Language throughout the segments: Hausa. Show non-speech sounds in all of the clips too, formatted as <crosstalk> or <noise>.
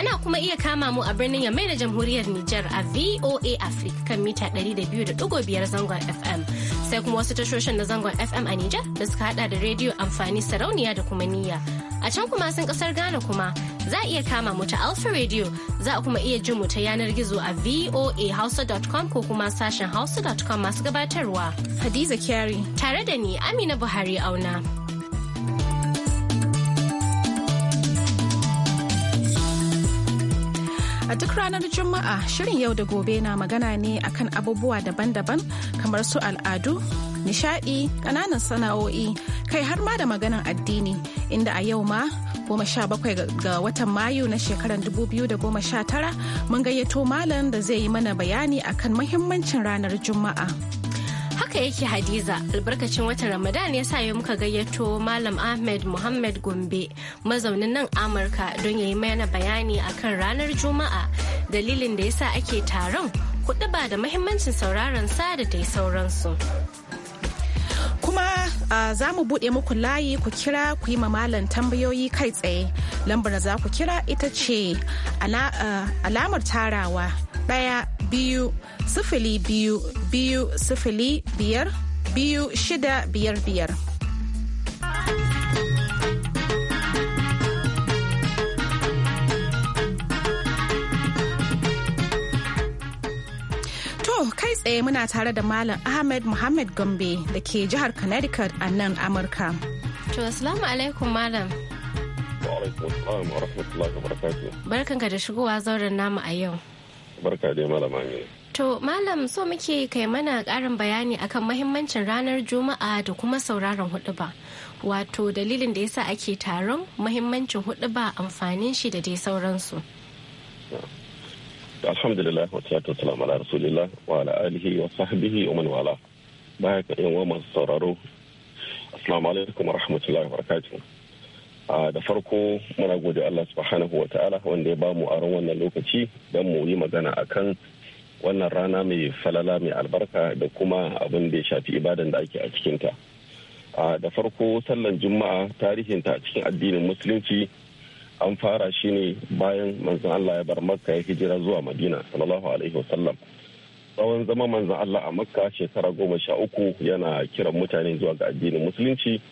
Ana kuma iya kama mu a birnin Yamai da Jamhuriyar Nijar a VOA Africa kan mita 200.5 zangon FM. Sai kuma wasu tashoshin na zangon FM a Nijar da suka hada da rediyo amfani sarauniya da kuma niyya. A can kuma sun kasar Ghana kuma za a iya kama mu ta Alpha Radio za a kuma iya jin mu ta yanar gizo a voahausa.com ko kuma sashen hausa.com masu gabatarwa. Hadiza Kyari. Tare da ni Amina Buhari Auna. A duk ranar Juma'a shirin yau da gobe na magana ne akan abubuwa daban-daban kamar su al'adu, nishaɗi, ƙananan sana'o'i, kai har ma da maganan addini inda a yau ma goma sha bakwai ga watan mayu na shekarar da goma sha tara mun gayyato malam da zai yi mana bayani akan muhimmancin ranar juma'a. haka yake hadiza albarkacin watan ramadan ya sa ya muka gayyato malam ahmed muhammad gombe mazaunin nan amurka don ya yi mana bayani akan ranar juma'a dalilin da ya sa ake taron kuɗi ba da mahimmancin sauraron sa da dai sauransu kuma uh, za mu buɗe muku layi ku kira ku yi mamalan tambayoyi kai tsaye lambar za ku kira ita ce alamar tarawa ɗaya biyu sifili biyu biyu sifili biyar biyu shida biyar biyar. kai tsaye muna tare da Malam Ahmed Muhammad Gombe da ke jihar Connecticut a nan Amurka. To, Assalamu alaikum Malam. Wa alaikum assalam wa rahmatullahi wa barakatuh. Barkanka da shigowa zauren namu a yau. barka dai malam to malam so muke kai mana karin bayani akan mahimmancin ranar juma'a da kuma sauraron huduba wato dalilin da yasa ake taron mahimmancin huduba amfanin shi da dai sauransu alhamdulillah wa salatu wassalamu ala rasulillah wa ala alihi wa sahbihi wa man wala baya ka yin wa masu sauraro assalamu alaikum wa rahmatullahi wa barakatuh da farko muna gode Allah subhanahu wa ta'ala wanda ya bamu ran wannan lokaci don mu yi magana akan wannan rana mai falala mai albarka da kuma abin da ya shafi ibadan da ake a cikinta da farko sallan juma'a tarihinta a cikin addinin musulunci an fara shi ne bayan manzon Allah ya bar makka ya hijira zuwa madina sallallahu alaihi wasallam tsawon zama manzon Allah a makka shekara goma sha uku yana kiran mutane zuwa ga addinin musulunci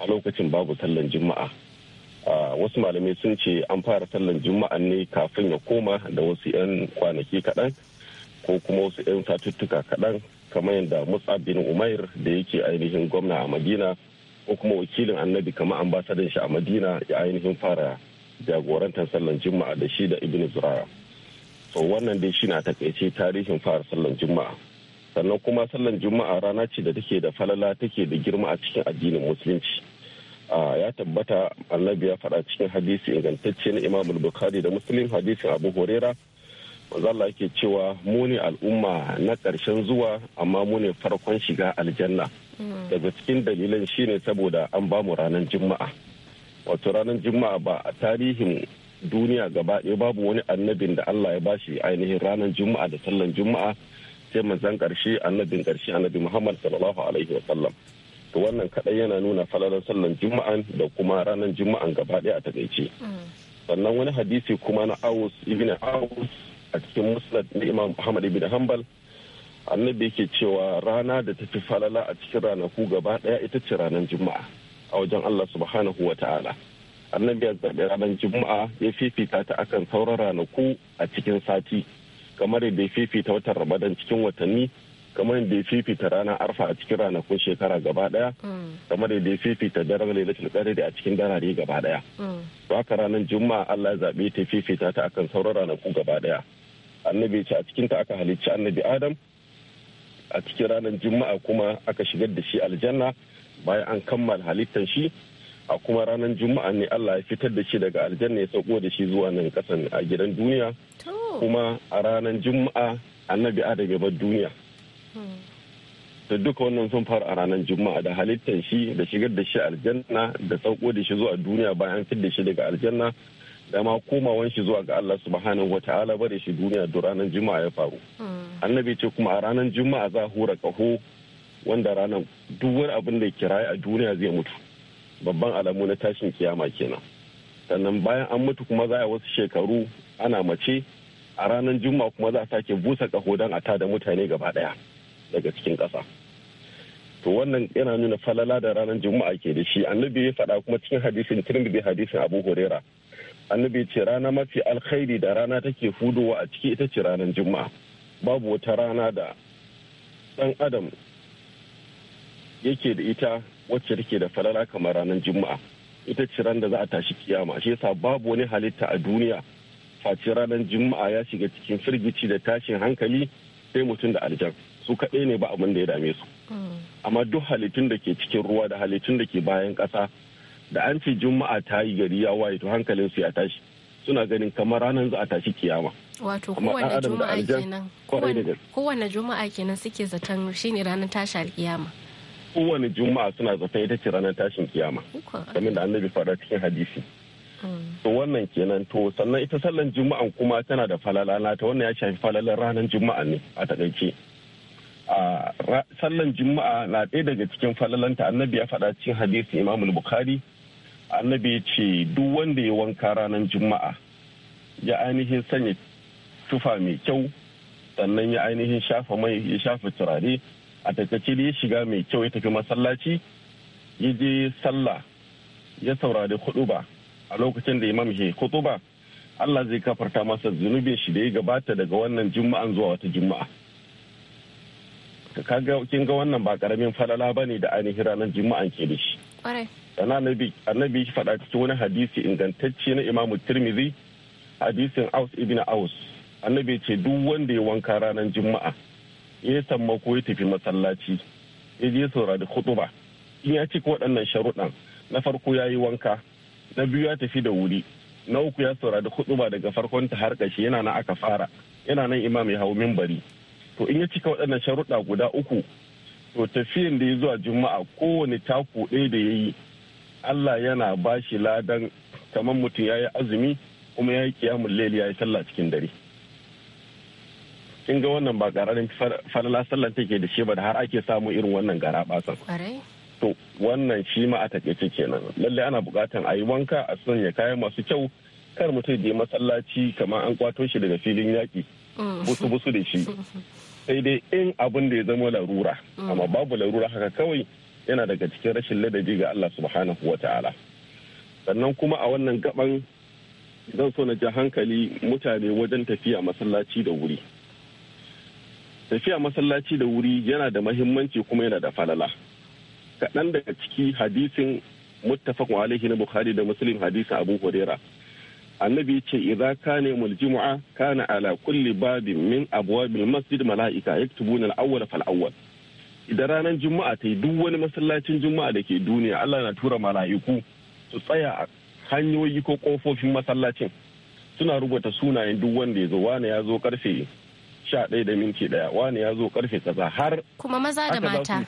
a lokacin babu sallan juma'a wasu malamai sun ce an fara tallan juma'a ne kafin ya koma da wasu 'yan kwanaki kaɗan ko kuma wasu 'yan satuttuka kaɗan kamar yadda musa bin umair da yake ainihin gwamna a madina ko kuma wakilin annabi kamar ambasadan shi a madina ya ainihin fara jagorantar sallan juma'a da shi da ibn zurara so wannan dai shi na takaice tarihin fara sallan juma'a sannan kuma sallan juma'a rana ce da take da falala take da girma a cikin addinin musulunci ya tabbata annabi ya faɗa cikin hadisi ingantacce na imamul bukhari da muslim hadisin abu horera Allah yake cewa mu ne al'umma na karshen zuwa amma mu ne farkon shiga aljanna hmm. daga cikin dalilan shine saboda an ba mu ranar juma'a wato ranar juma'a ba a tarihin duniya gaba ɗaya babu wani annabin da Allah ya bashi ainihin ranar juma'a da sallan juma'a sai manzan karshe annabin ƙarshe annabi Muhammad sallallahu alaihi wa sallam to wannan kadai yana nuna falalar sallan juma'an da kuma ranar juma'an gaba daya a takaice sannan wani hadisi kuma na aus ibn aus a cikin musnad na imam muhammad ibn hanbal annabi yake cewa rana da ta fi falala a cikin ranaku gaba daya ita ce ranar juma'a a wajen allah subhanahu wa ta'ala annabi ya zaɓi ranar juma'a ya fifita ta akan sauran ranaku a cikin sati kamar yadda ya fifita watan ramadan cikin watanni kamar da ya fifita ranar arfa a cikin ranakun shekara gaba daya mm. kamar da ya fifita daren lailatul qadri a cikin darare gaba daya mm. to haka ranar juma'a Allah ya zabe ta fifita ta akan sauran ranaku gaba daya annabi ce a cikin ta aka halicci annabi adam a cikin ranar juma'a kuma aka shigar da shi aljanna bayan an kammala halittar shi a kuma ranar juma'a ne Allah ya fitar da shi daga aljanna ya sauko da shi zuwa nan kasan a gidan duniya kuma a ranar juma'a annabi adam ya bar duniya da duka wannan sun faru a ranar juma'a da halittar shi da shigar da shi aljanna da sauko da shi zuwa duniya bayan fidda shi daga aljanna da ma komawan shi zuwa ga Allah subhanahu wata'ala bare shi duniya da ranar juma'a ya faru hmm. annabi ce kuma a ranar juma'a za hura kaho wanda ranar duk wani abin da kiraye a duniya zai mutu babban alamu na tashin kiyama kenan sannan bayan an mutu kuma za a wasu shekaru ana mace a ranar juma'a kuma za a sake busa kaho don a tada mutane gaba daya daga cikin ƙasa to wannan yana nuna falala da ranar juma'a ke da shi annabi ya faɗa kuma cikin hadisin tirmidhi hadisin abu huraira annabi ce rana mafi alkhairi da rana take hudowa a ciki ita ce ranar juma'a babu wata rana da ɗan adam yake da ita wacce take da falala kamar ranar juma'a ita ce ran da za a tashi kiyama shi yasa babu wani halitta a duniya face ranar juma'a ya shiga cikin firgici da tashin hankali sai mutum da aljanna su kaɗai ne ba abin da ya dame su mm. amma duk halittun da ke cikin ruwa da halittun da ke bayan ƙasa da an ce juma'a ta yi gari ya waye to hankalin su ya tashi suna ganin kamar ranar za a tashi kiyama wato kowane juma'a kenan kowanne juma'a kenan suke zaton shine ranar tashi alkiyama kowanne juma'a suna zaton ita ce ranar tashin kiyama kamar da annabi faɗa cikin hadisi mm. to wannan kenan to sannan ita sallan juma'an kuma tana da falala nata wannan ya shafi falalar ranar juma'a ne a takaice a sallan juma'a na ɗaya daga cikin falalanta annabi ya faɗa cikin hadisi imam bukhari annabi ya ce duk wanda ya wanka ranar juma'a ya ainihin sanya tufa mai kyau sannan ya ainihin shafa mai ya shafa turare a takaice da ya shiga mai kyau ya tafi masallaci ya je sallah ya saurari huɗuba a lokacin da imam ke huɗuba Allah zai kafarta masa zunubin shi da ya gabata daga wannan juma'an zuwa wata juma'a ka kaga kin ga wannan ba karamin falala ba ne da ainihin ranar juma'an ke da shi annabi annabi shi faɗa cikin wani hadisi ingantacce na imamu tirmidhi hadisin aus ibn aus annabi ce duk wanda ya wanka ranar juma'a ya samma ko ya tafi masallaci ya je saurari huɗuba. in ya cika waɗannan sharuɗan na farko ya yi wanka na biyu ya tafi da wuri na uku ya saurari huɗuba daga farkon ta har ƙashi yana nan aka fara yana nan imam ya hau mimbari to in ya cika waɗannan sharuɗa guda uku to tafiyan da ya zuwa juma'a kowane taku ɗaya da ya yi allah yana ba shi ladan kamar mutum ya yi azumi kuma ya yi kiyamun leli ya yi sallah cikin dare kin ga wannan ba ƙararin falala sallan take da shi ba da har ake samu irin wannan gara basan to wannan shi ma a taƙaice kenan lallai ana buƙatan a yi wanka a sanya kayan masu kyau kar mutum je masallaci kamar an kwato shi daga filin yaƙi mm. busu busu da shi <laughs> sai dai in abin da ya zama larura mm. amma babu larura haka kawai yana daga cikin rashin ladabi ga Allah subhanahu wa ta'ala sannan kuma a wannan gaban zan so na ji hankali mutane wajen tafiya masallaci da wuri tafiya masallaci da wuri yana da mahimmanci kuma yana da falala kaɗan daga ciki hadisin muttafaqun alaihi na bukhari da muslim hadisin abu hurairah annabi ce idza kana yawmul jumu'a kana ala kulli babin min abwabil masjid malaika yaktubuna al-awwal fal awwal idan ranar juma'a ta yi duk wani masallacin juma'a da ke duniya Allah na tura mala'iku su tsaya a hanyoyi ko kofofin masallacin suna rubuta sunayen duk wanda ya zo wane ya zo karfe sha ɗaya da minti ɗaya wane ya zo karfe kaza har kuma maza da mata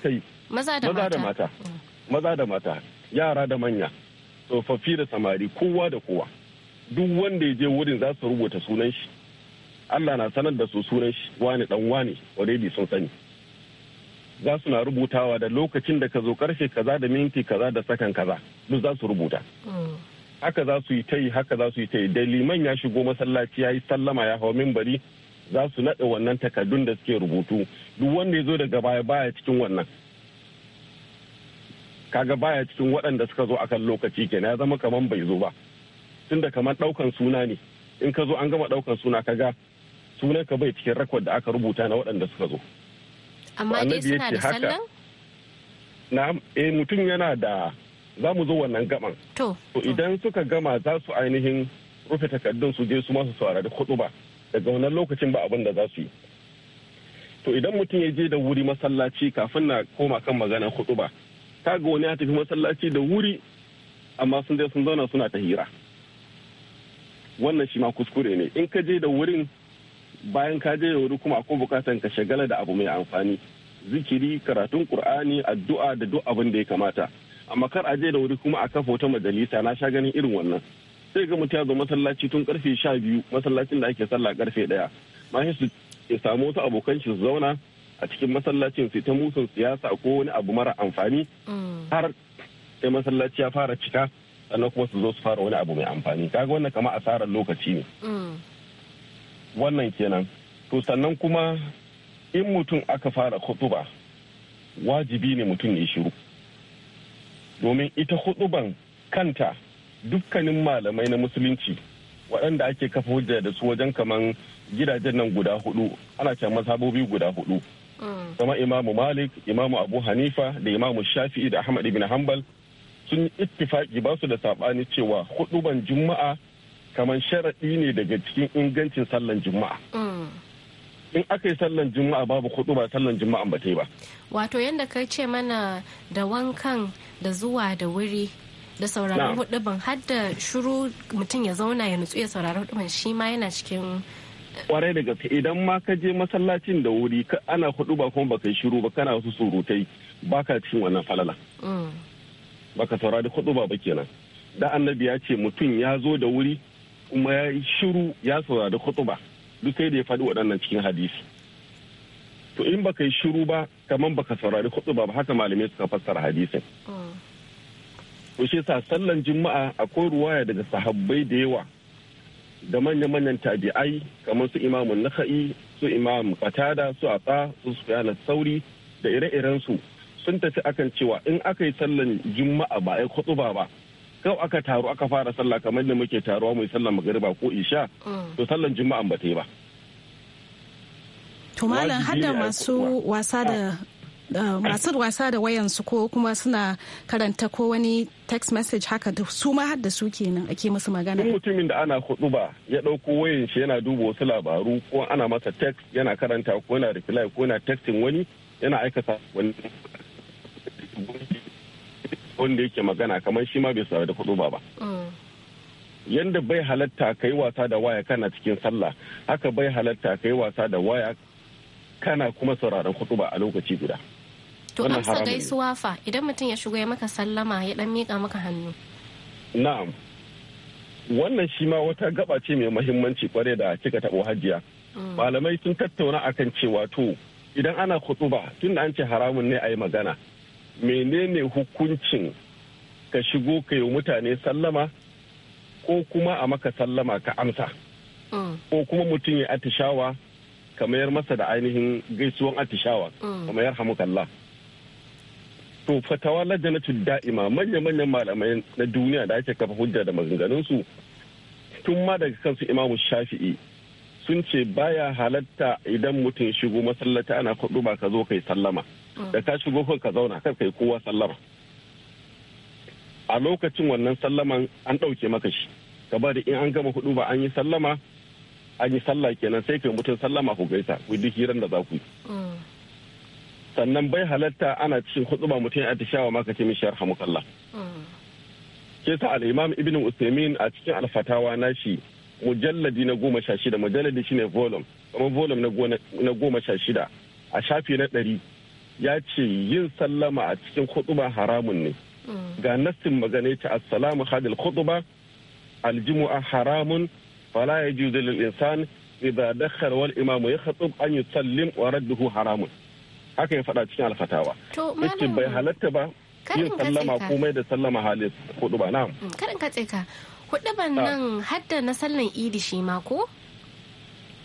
maza da mata mm. maza da mata yara da manya tsofaffi da samari kowa da kowa duk wanda ya je wurin za su rubuta sunan shi allah na sanar da su sunan shi wani dan wani already sun sani za su na rubutawa da lokacin da ka zo karfe kaza da minti kaza da sakan kaza duk za su rubuta mm. haka za su yi ta haka za su yi ta da liman ya shigo masallaci ya yi sallama ya hau mimbari za su naɗa wannan takardun da suke rubutu duk wanda ya zo daga baya baya cikin wannan kaga baya cikin waɗanda suka zo akan lokaci kenan ya zama kaman bai zo ba tun da kamar ɗaukan suna ne in ka zo an gama ɗaukan suna ka ga sunan ka bai cikin rakwar da aka rubuta na waɗanda suka zo amma dai suna da sallan na eh mutum yana da za mu zo wannan gaban to idan suka gama za su ainihin rufe takardun su je su masu saurari kudu ba daga wannan lokacin ba abin da za su yi to idan mutum ya je da wuri masallaci kafin na koma kan magana kudu ba ta ga wani ya tafi masallaci da wuri amma sun zai sun zauna suna ta hira wannan shi ma kuskure ne in ka je da wurin bayan ka je wuri kuma akwai bukatan ka shagala da abu mai amfani zikiri karatun qur'ani addu'a da duk abin da ya kamata amma kar a je da wuri kuma a kafa wata majalisa na sha ganin irin wannan sai ga mutum ya zo masallaci tun karfe sha biyu masallacin da ake sallah karfe daya ma su samu wasu abokan shi su zauna a cikin masallacin su ta musun siyasa ko wani abu mara amfani mm. har sai masallaci ya fara cika sannan kuma su zo su fara wani abu mai amfani kaga wannan kama asarar lokaci ne mm. wannan kenan to sannan kuma in mutum aka fara hutuba wajibi ne mutum ya shiru domin ita hutuban kanta dukkanin malamai na musulunci waɗanda ake kafa hujja da su wajen kaman gidajen nan guda hudu ana can mazhabobi guda hudu mm. kama imamu malik imamu abu hanifa da imamu shafi'i da ahmad ibn hanbal sun ittifaki ba su da sabani cewa ban juma'a kamar sharaɗi ne daga cikin ingancin sallan juma'a mm. in aka yi sallan juma'a babu hudu ba sallan juma'a ba ba wato yadda ka ce mana da wankan da zuwa da wuri da sauraron huduban har da shuru mutum ya zauna ya nutsu ya saurari huduban shi ma yana cikin eh. kwarai da gaske idan ma ka je masallacin da wuri ana hudu ba kuma baka yi shiru ba kana wasu surutai baka cikin wannan falala mm. baka saurari huduba ba kenan da annabi ya ce mutum ya zo da wuri kuma ya yi shiru ya saurari ba duk sai da ya faɗi waɗannan cikin hadisi to in baka yi shiru ba kamar baka saurari huduba ba haka malamai suka fassara hadisin to shi sa sallan juma'a akwai ruwaya daga sahabbai da yawa da manya-manyan tabi'ai kamar su imamun naka'i su imam katada su atsa su sufiya sauri da ire-irensu su sun tafi akan cewa in aka yi sallan juma'a ba a khutba ba kau aka taru aka fara sallah kamar da muke taruwa mai sallan magariba ko isha mm. to sallan juma'a ba ta yi ba to malam hada masu wasa ah. da masu wasa da wayansu ko kuma suna karanta ko wani text message haka da su ma da su kenan ake musu magana. mutumin da ana kudu ya ɗauko wayan shi yana duba wasu labaru ko ana masa text yana karanta ko yana reply ko yana texting wani yana aikata wani wanda yake magana kamar shi ma bai saurari da kudu ba ba mm. yanda bai halatta ka yi wasa da waya kana cikin sallah haka bai halatta ka yi wasa da waya kana kuma sauraron kudu ba a lokaci guda to amsa gaisuwa fa idan mutum ya shigo ya maka sallama ya dan mika maka hannu na'am wannan shi ma wata gaba ce mai muhimmanci kwarai da kika taɓa hajiya mm. malamai sun tattauna akan cewa to idan ana kutuba tunda an ce haramun ne a yi magana menene hukuncin ka shigo ka yi mutane sallama ko kuma a maka sallama ka amsa mm. ko kuma mutum ya atishawa ka mayar masa da ainihin gaisuwan atishawa ka mm. mayar hamukallah to fatawa lajanatul da'ima manya-manyan malamai na duniya da ake kafa hujja da maganganunsu tun ma daga kansu imamu shafi'i sun ce baya halatta idan mutum shigo masallaci ana kudu ba ka zo ka yi sallama. da mm. ka shigo ka zauna kar yi kowa sallama a lokacin wannan sallaman an ɗauke maka shi ka da in an gama hudu ba an yi sallama an yi sallah kenan sai kai mutum sallama ku gaisa ku duk hiran da za ku yi mm. sannan bai halatta ana cikin hudu ba mutum ya tashawa ma ka ce mishi yarhamukallah mm. ke sa al-imam ibn usaimin a cikin alfatawa na shi mujalladi na goma sha shida mujalladi shine volume kuma volume na goma sha shida a shafi na ɗari ya ce yin sallama a cikin khutba haramun ne ga nassin magana ce assalamu hadil khutba aljumu'a haramun fala yajuzu lil insan idza dakhara wal imamu yakhtub an yusallim wa radduhu haramun haka ya faɗa cikin alfatawa yace bai halatta ba yin sallama komai da sallama halis khutba na'am mm, karin katse ka huduban nan hadda na sallan idi shi ma ko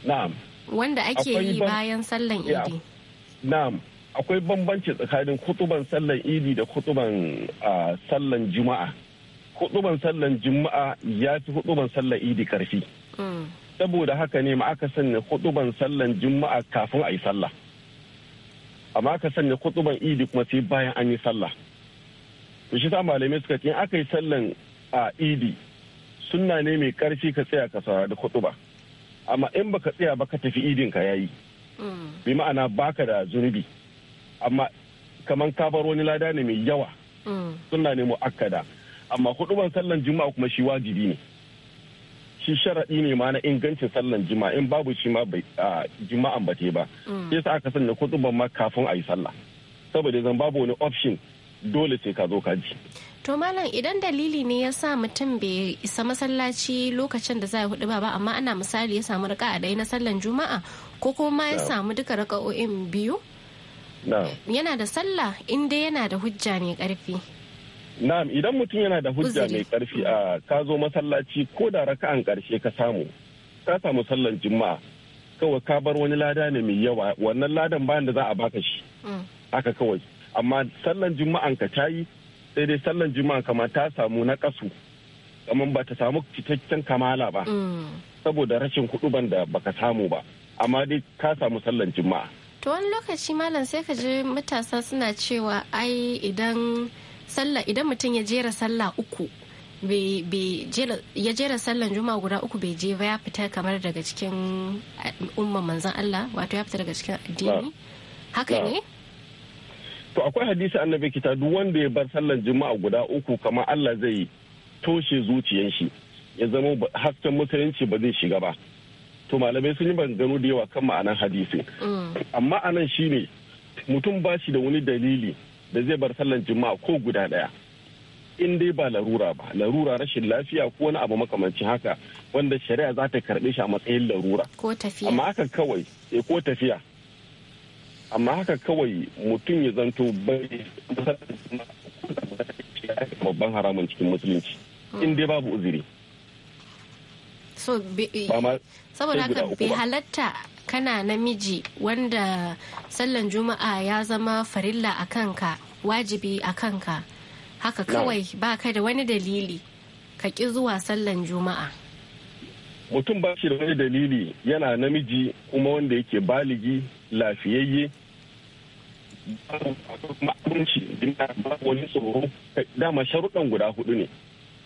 na'am wanda ake yi bayan sallan idi na'am akwai bambanci tsakanin kutuban sallan idi da kutuban sallan juma'a kutuban sallan juma'a ya fi kutuban sallan idi karfi mm. saboda haka ne ma aka sanya kutuban sallan juma'a kafin a yi sallah amma aka sanya kutuban idi kuma sai bayan an yi sallah to shi sa malamai suka ce aka yi sallan a idi sunna ne mai karfi ka tsaya ka saurari kutuba amma in baka tsaya ba ka tafi idin ka yayi mm. bi ma'ana baka da zunubi amma kamar kabar wani lada ne mai yawa mm. suna ne akada amma huduban sallan juma'a kuma shi wajibi ne shi sharaɗi ne ma na ingancin sallan juma'a in babu shi ma juma'an ba ba mm. sai sa aka sanya huduban ma kafin a yi sallah saboda zan babu wani option dole sai ka zo ka ji to malam idan dalili ne ya sa mutum bai isa masallaci lokacin da za a ba ba amma ana misali ya samu raka'a a na sallan juma'a ko kuma ya samu duka raka'o'in biyu yana da sallah in dai yana da hujja mai karfi na'am idan mutum yana da hujja mai karfi a ka zo masallaci ko da raka'an karshe ka samu ka samu sallan juma'a kawai ka bar wani lada ne mai yawa wannan ladan bayan da za a baka shi mm. haka kawai amma sallan juma'an ka ta yi sai dai sallan juma'an kama ta samu na kasu kamar ba ta samu cikakken kamala ba mm. saboda rashin ban da baka samu ba amma dai ka samu sallan juma'a to wani lokaci malam sai ka je matasa suna cewa ai idan sallah idan mutum ya jera sallah uku ya jera sallan juma guda uku bai je ba ya fita kamar daga cikin umman manzan Allah wato ya fita daga cikin addini haka ne to akwai hadisi annabi kita duk wanda ya bar sallan juma'a guda uku kamar Allah zai toshe zuciyan shi ya zama hasken musulunci ba zai shiga ba to malamai sun yi maganganu da yawa kan ma'anan hadisi. Mm. amma anan shine mutum ba shi da wani dalili da zai bar sallan juma'a ko guda daya in dai ba larura ba larura rashin lafiya ko wani abu makamancin haka wanda shari'a za ta karbe shi a matsayin larura ko tafiya amma haka kawai eh ko tafiya amma haka kawai mutum ya zanto bai babban haramun cikin musulunci mm. in dai babu uziri. so saboda haka bai halatta kana namiji wanda sallan juma'a ya zama farilla a kanka wajibi a kanka haka kawai ba ka da wani dalili ka ki zuwa sallan juma'a mutum ba shi da wani dalili yana namiji kuma wanda yake baligi lafiyayye ba wani tsoro dama sharuɗan guda hudu ne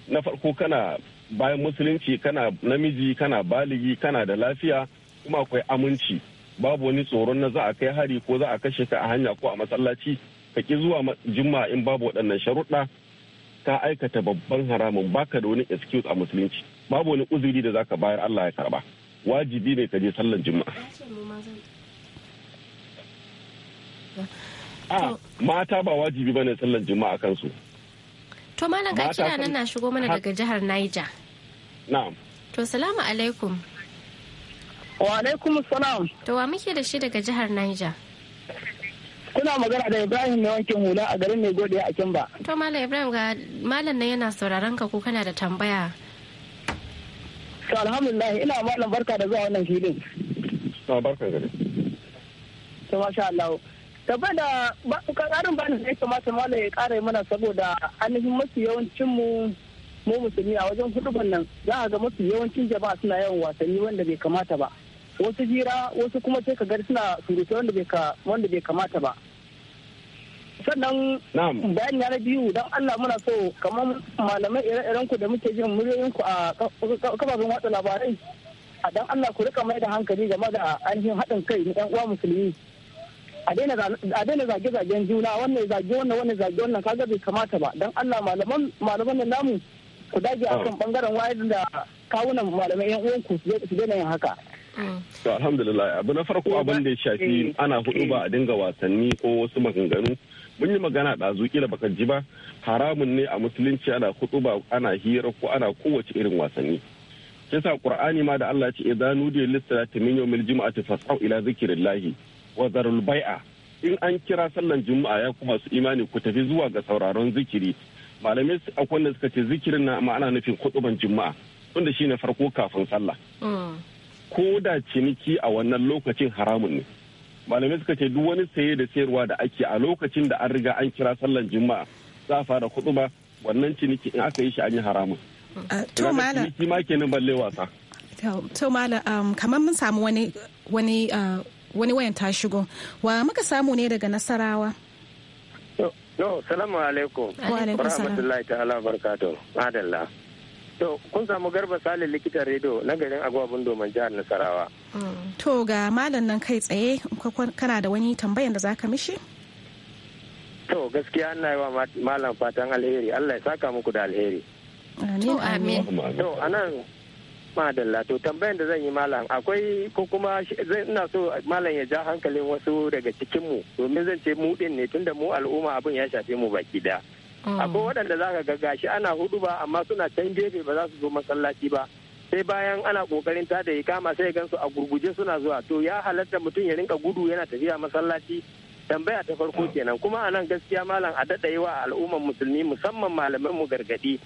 na farko kana bayan musulunci kana namiji kana baligi kana da lafiya kuma akwai aminci babu wani tsoron na za a kai hari ko za a kashe ka a hanya ko a masallaci ka ki zuwa jimma in babu waɗannan sharuɗa ka aikata babban haramun baka da wani excuse a musulunci babu wani uzuri da za ka bayar Allah ya karba wajibi ne ka je sallan juma'a ah, mata ba wajibi bane sallan juma'a kansu To malam ga kira nan na shigo mana daga jihar Niger. Na'am. To salamu alaikum. Wa alaikum salam. To wa muke da shi daga jihar Niger? Kuna magana da Ibrahim mai wankin hula a garin mai godiya a Kimba. To malam Ibrahim ga malam nan yana sauraron ka ko kana da tambaya? To alhamdulillah ina malam barka da zuwa wannan filin. Na barka gare. To masha Allah. saboda karin bani da ya kamata mala ya kara mana saboda ainihin mafi yawancin mu mu musulmi a wajen hudu nan za a ga mafi yawancin jama'a suna yawan wasanni wanda bai kamata ba wasu jira wasu kuma sai ka gari suna surutu wanda bai kamata ba sannan bayan na biyu don Allah muna so kamar malamai ire-iren ku da muke jin muryoyin ku a kafafen watsa labarai a don Allah ku rika mai da hankali game da ainihin haɗin kai na 'yan uwa musulmi a daina zage-zagen juna wannan zage wannan wannan zage wannan kaga bai kamata ba don Allah malaman malaman namu ku dage a kan oh. bangaren wayar da kawunan malaman yan uwanku su daina yin haka. Mm. To alhamdulillah abu na farko abin da ya shafi eh, eh. ana hudu ba a dinga wasanni ko wasu maganganu mun yi magana ɗazu kila baka ji ba haramun ne a musulunci ana hudu ba ana hira ko ana kowace irin wasanni. Kisa Qur'ani ma da Allah ya ce idan nudiya lis-salati min yawmil jum'ati fas'au ila zikrillahi wa bai'a in an kira sallan juma'a ya kuma su imani ku tafi zuwa ga sauraron zikiri malamai akwai wanda suka ce zikirin na ma'ana nufin kuɗuban juma'a wanda shine farko kafin sallah mm. ko da ciniki a wannan lokacin haramun ne malamai suka ce duk wani saye da sayarwa da ake a lokacin da an riga an kira sallan juma'a za a fara kuduba wannan ciniki in aka yi shi an yi haramun ah, to malam kenan balle wasa to malam um, kamar mun samu wani uh, wani wayan ta shigo wa muka samu ne daga nasarawa no salamu alaikum wa rahmatullahi ta'ala barkato adalla to kun samu garba salin likitan rediyo na garin bundo domin jihar nasarawa to ga malam nan kai tsaye kana da wani tambayan da zaka mishi to gaskiya ana yi wa malam fatan alheri allah ya saka muku da alheri to amin to anan madalla to tambayan da zan yi malam akwai ko kuma ina so malam ya ja hankalin wasu daga cikinmu domin zan ce mu din ne tunda mu al'umma abin ya shafe mu baki da mm. akwai waɗanda za ka ga gashi ana hudu ba amma suna can gefe ba za su zo masallaci ba sai bayan ana kokarin ta da kama sai gan a gurguje suna zuwa to ya halatta mutum ya rinka gudu yana tafiya masallaci tambaya ta farko ah. kenan kuma a nan gaskiya malam a daɗa wa al'ummar musulmi musamman malaman mu gargaɗi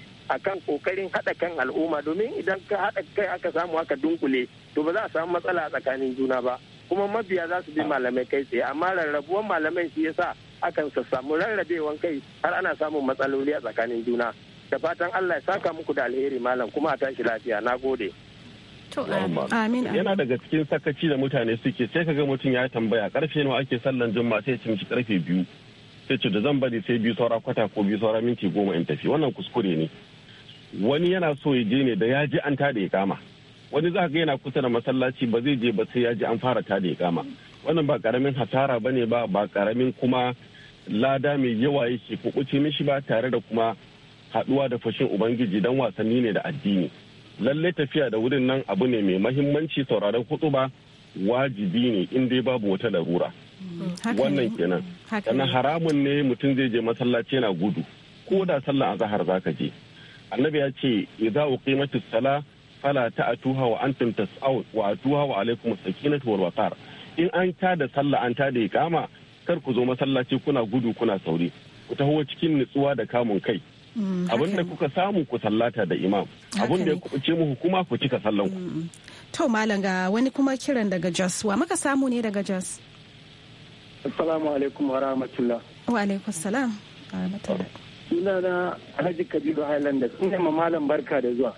kan kokarin haɗa kan al'umma domin idan ka haɗa kai aka samu aka dunkule to ba za a samu matsala a tsakanin juna ba kuma mabiya za su bi ah. malamai kai tsaye amma rarrabuwan malamai shi yasa akan samu rarrabewan kai har ana samun matsaloli a tsakanin juna da fatan Allah ya saka muku da alheri malam kuma a tashi lafiya na gode Amin. Yana daga cikin sakaci da mutane suke sai kaga mutum ya tambaya karfe nawa ake sallan juma'a sai ce mishi karfe biyu. Sai ce da zan bari sai biyu saura kwata ko biyu saura minti goma in tafi wannan kuskure ne. Wani yana so ya je ne da ya ji an tada ya kama. Wani za ga yana kusa da masallaci ba zai je ba sai ya ji an fara tada ya kama. Wannan ba karamin hasara bane ba ba karamin kuma lada mai yawa yake kukuce mishi ba tare da kuma haduwa da fashin ubangiji dan wasanni ne da addini. lallai tafiya da wurin nan abu ne mai mahimmanci sauraron hudu ba wajibi ne in dai babu wata larura mm, wannan kenan na haramun ne mutum zai je masallaci yana gudu ko da sallah azahar zaka je annabi ya ce idza uqimatis sala fala ta'tuha wa antum tas'aw wa atuha wa alaikum as-sakinatu wal in an ta da sallah an ta da iqama kar ku zo masallaci kuna gudu kuna sauri ku taho cikin nutsuwa da kamun kai Mm, abin da kuka samu ku sallata da imam abin da ya ce mu hukuma ku cika sallan ku mm, mm. to malam ga wani kuma kiran daga Jos wa muka samu ne daga Jos Assalamu alaikum wa rahmatullah wa alaikum salam wa ina na Alhaji Kabiru Highlanders sun yi malam barka da zuwa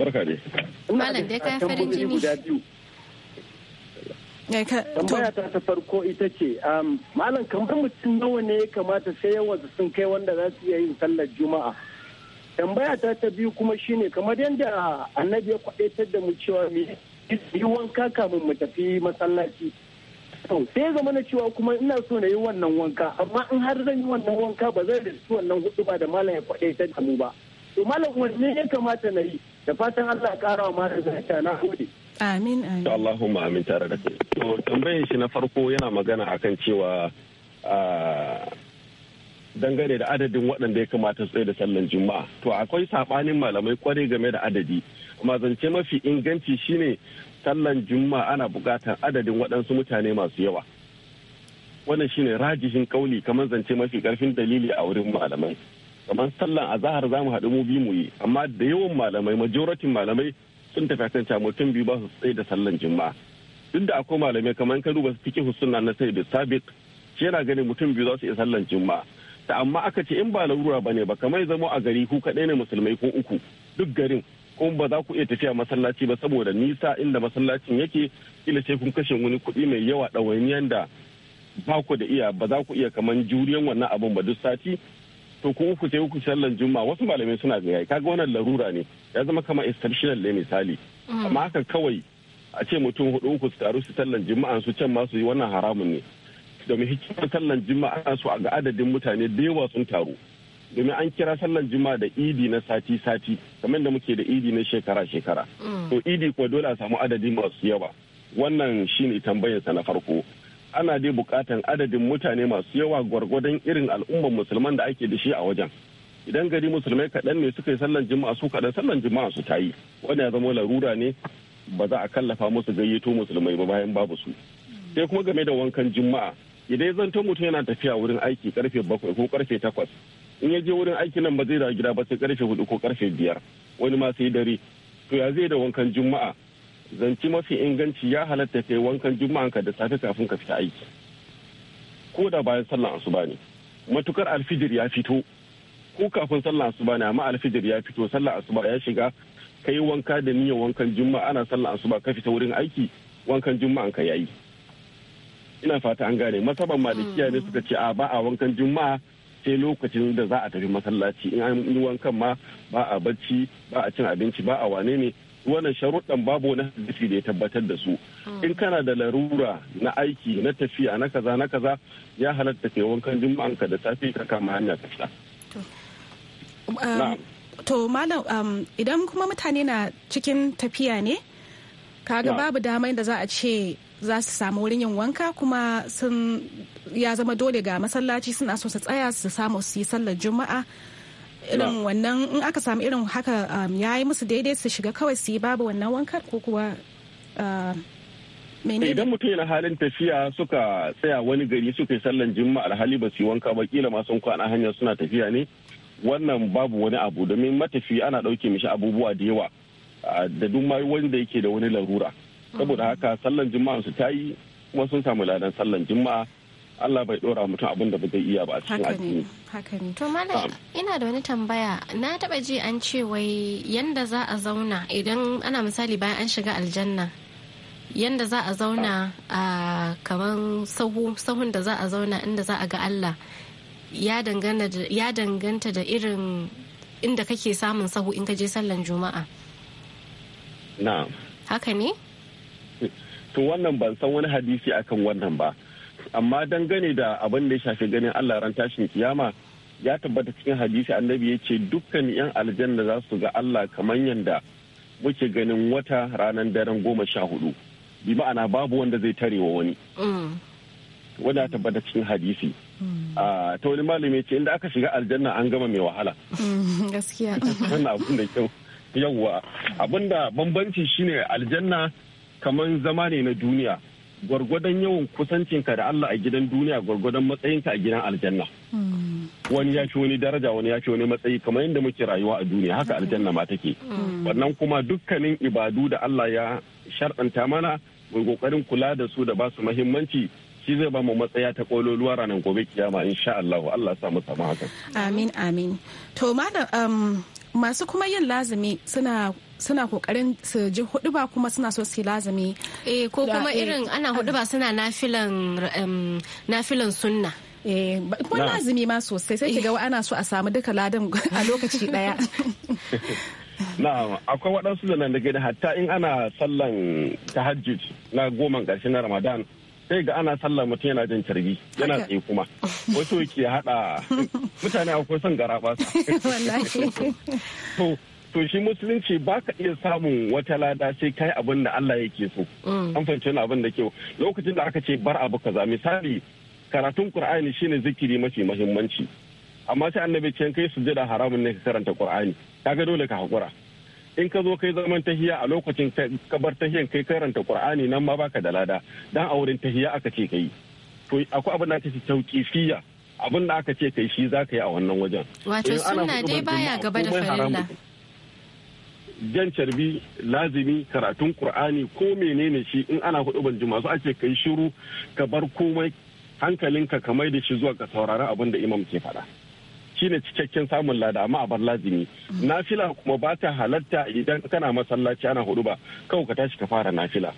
barka dai malam dai ka farin jini Eh, tambaya ta ta farko ita ce um, malam kamar mutum nawa ne ya kamata sai yawa sun kai wanda za su iya yin sallar juma'a tambaya ta ta biyu kuma shine kamar yadda annabi ya kwadaitar da mu cewa yi wanka kamun mu tafi masallaci sai zama na cewa kuma ina so na yi wannan wanka amma in har zan yi wannan wanka ba zan su wannan hudu ba da malam ya kwadaitar da mu ba to malam wanne ya kamata na yi da fatan Allah ya kara wa malam zai na gode Amin amin. Allahumma amin tare da kai. To tambayar shi na farko yana magana akan cewa dangane da adadin waɗanda ya kamata su da sallan juma'a to akwai saɓanin malamai kwarai game da adadi amma zance mafi inganci shine sallan juma'a ana buƙatar adadin waɗansu mutane masu yawa wannan shine rajihin kauli kamar zance mafi ƙarfin dalili a wurin malamai kamar sallan azahar za mu haɗu mu bi mu yi amma da yawan malamai majoratin malamai sun tafi akan cewa mutum biyu ba su tsaye da sallan jima'a duk da akwai malamai kamar kan duba fiki sunna na sai da sabit shi yana ganin mutum biyu za su iya sallan jima'a ta amma aka ce in ba larura ne ba kamar zamo a gari ku kaɗai ne musulmai ko uku duk garin kuma ba za ku iya tafiya masallaci ba saboda nisa inda masallacin yake kila sai kun kashe wani kuɗi mai yawa ɗawainiyan da ba ku da iya ba za ku iya kaman juriyan wannan abin ba duk sati to ko uku sai uku sallan juma'a wasu malamai suna ga yayi kaga wannan larura ne ya zama kamar exceptional ne misali mm. amma haka kawai a ce mutum hudu uku su taru su sallan juma'a su can ma su yi wannan haramun ne domin hikimar sallan juma'a su ga adadin mutane da yawa sun taru domin an kira sallan juma'a da idi na sati sati kamar da muke da idi na shekara shekara mm. to idi kuma dole a samu adadin masu yawa wannan shine tambayarsa na farko ana dai bukatan adadin mutane masu yawa gwargwadon irin al'ummar musulman da ake da shi a wajen idan gari musulmai kaɗan ne suka yi sallan jima'a su kaɗan sallan jima'a su ta yi wanda ya zama larura ne ba za a kallafa musu gayyato musulmai ba bayan babu su sai kuma game da wankan jima'a idan zan zanto mutum yana tafiya wurin aiki karfe bakwai ko karfe takwas in ya je wurin aiki nan ba zai dawo gida ba sai karfe hudu ko karfe biyar wani ma sai dare to ya zai da wankan jima'a. zanci mafi inganci ya halatta kai wankan juma'anka da safe kafin ka fita aiki ko da bayan sallan asuba ne matukar alfijir ya fito ko kafin sallan asuba ne amma alfijir ya fito sallan asuba ya shiga kai wanka da niyyar wankan juma'a ana sallan asuba ka fita wurin aiki wankan juma'anka yayi ina fata an gane masaban malikiya ne hmm. suka ce a ba a wankan juma'a sai lokacin da za a tafi masallaci in an yi wankan ma ba a bacci ba a cin abinci ba a wane ne wannan sharuɗan babu wani hadisi da ya tabbatar da su hmm. in kana da larura na aiki na tafiya na kaza na kaza ya halatta yi wankan juma'anka da safe ka kama hanya ka sa um, to malam um, idan kuma mutane na cikin tafiya ne kaga babu damar da za a ce za su samu wurin yin wanka kuma sun ya zama dole ga masallaci suna so su tsaya su samu su yi sallar juma'a irin wannan in aka samu irin haka um, ya yi musu daidai su shiga kawai su yi babu wannan wankar ko kuwa uh, idan mutum yana halin tafiya suka tsaya wani gari suka yi sallan jimma alhali ba su yi wanka ba kila masu kwana hanya suna tafiya ne wannan babu wani abu domin matafi ana ɗauke mishi abubuwa da yawa uh, da duk ma wanda yake da wani larura saboda mm. haka sallan jimma su ta yi kuma sun samu ladan sallan jimma'a Allah bai dora mutum abin da ba iya ba a cikin aiki. Haka ne. To malam ina da wani tambaya na taba ji an ce wai yanda za a zauna idan ana misali bayan an shiga aljanna yanda za a zauna a kaman sahun da za a zauna inda za a ga Allah ya danganta da irin inda kake samun sahu in ka je sallan juma'a. Na. Haka ne? To wannan ban san wani hadisi akan wannan ba. amma dangane da abin da ya shafi ganin Allah ran tashin kiyama ya tabbata cikin hadisi annabi ya ce dukkan 'yan aljanna za su ga Allah kamar yadda muke ganin wata ranar daren goma sha hudu bi ma'ana babu wanda zai tare wa wani mm. wanda tabbata cikin hadisi mm. a ah, ta wani malami ce inda aka shiga aljanna an gama mai wahala mm, gaskiya <laughs> wannan abun da kyau yawwa abinda bambanci shine aljanna kamar zama ne na duniya gwargwadon yawan kusancinka da Allah a gidan duniya gwargwadon matsayinka a gidan aljanna. Hmm. Wani ya ci wani daraja wani ya ci wani matsayi kamar yadda muke rayuwa a duniya haka aljanna ma take. Hmm. Wannan kuma dukkanin ibadu da Allah ya sharɗanta mana mai kokarin kula da su da basu mahimmanci shi zai ba mu matsaya ta kololuwa ranar gobe kiyama insha Allah Allah sa mu samu hakan. Amin amin. To madam um, masu kuma yin lazumi suna suna kokarin su ji hudu ba kuma suna so su yi lazumi eh ko kuma eh, irin ana hudu ba suna nafilan nafilan sunna Eh, kuma lazumi ma sosai sai kiga ana so a samu duka ladan <laughs> a lokaci daya. <laughs> Na'am, akwai waɗansu da nan da hatta in ana sallan tahajjud na goma ƙarshen na Ramadan sai ga ana sallah mutum yana jin tarbi yana tsaye kuma wasu yake hada mutane akwai son gara basa <laughs> to to shi musulunci ba ka iya samun wata lada sai kai abin da Allah yake so mm. an fahimci abin da ke lokacin da aka ce bar abu kaza misali karatun qur'ani shine zikiri mafi muhimmanci amma sai annabi ce kai sujada haramun ne ka karanta qur'ani kaga dole ka hakura in ka zo kai zaman tahiya a lokacin kabar tahiyan kai karanta qur'ani nan ma baka da lada dan a wurin tahiya aka ce kai to akwai abin da ake ce tauqifiyya abin da aka ce kai shi zaka yi a wannan wajen wato sunna dai baya gaba da farilla jan carbi lazimi karatun qur'ani ko menene shi in ana hudu ban juma su ake kai shiru ka bar komai hankalinka ka mai da shi zuwa ka saurari abin da imam ke faɗa. shine cikakken samun lada amma a bar lazimi mm. nafila kuma ba ta halatta idan kana masallaci ana hudu ba kawai ka tashi ka fara nafila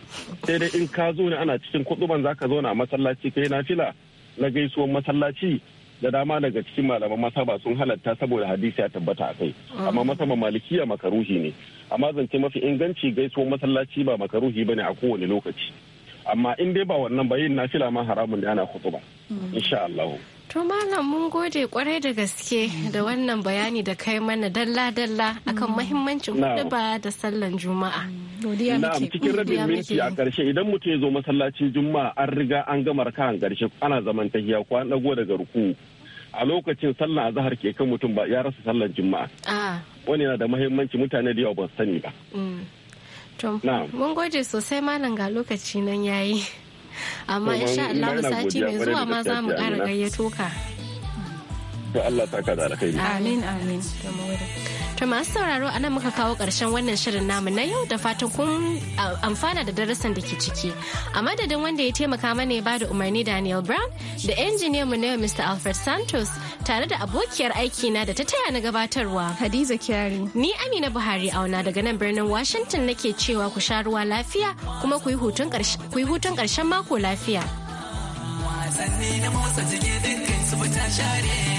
sai dai in ka zo ne ana cikin kuduban ka zauna a masallaci kai nafila na gaisuwan masallaci da dama daga cikin malaman masaba sun halatta saboda hadisi ya tabbata akai mm. amma masaba malikiya makaruhi ne amma zance mafi inganci gaisuwan masallaci ba makaruhi bane a kowane lokaci amma in dai ba wannan ba yin nafila ma haramun da ana ba mm. insha Allah To malam mun gode kwarai da gaske da wannan bayani da kai mana dalla-dalla akan mm. mahimmancin ba da sallan juma'a. Na'am cikin rabin minti a ƙarshe idan mutum ya zo masallacin juma'a an riga an gama kan ƙarshe ana zaman tahiya kwan dago daga ruku. A lokacin sallan azahar ke kan mutum ba ya rasa sallan juma'a. Ah. Wani yana da mahimmanci mutane da yawa ban sani ba. Mm. Mun gode sosai malam ga lokaci nan yayi. amma in sha Allah sati mai zuwa ma za mu kara gayyato ka Da Allah ta ka da alkhairi amin amin To masu sauraro a nan muka kawo ƙarshen wannan shirin namu na yau da fatan kun amfana da darasin da ke ciki. A madadin wanda ya taimaka mana ya ba da umarni Daniel Brown da injiniyan mu na yau Mr. Alfred Santos tare da abokiyar aiki na da ta taya na gabatarwa. Hadiza Kyari. Ni Amina Buhari auna daga nan birnin Washington nake cewa ku sha ruwa lafiya kuma ku yi hutun ƙarshen mako lafiya. Wasanni na motsa jirgin dinkin su share.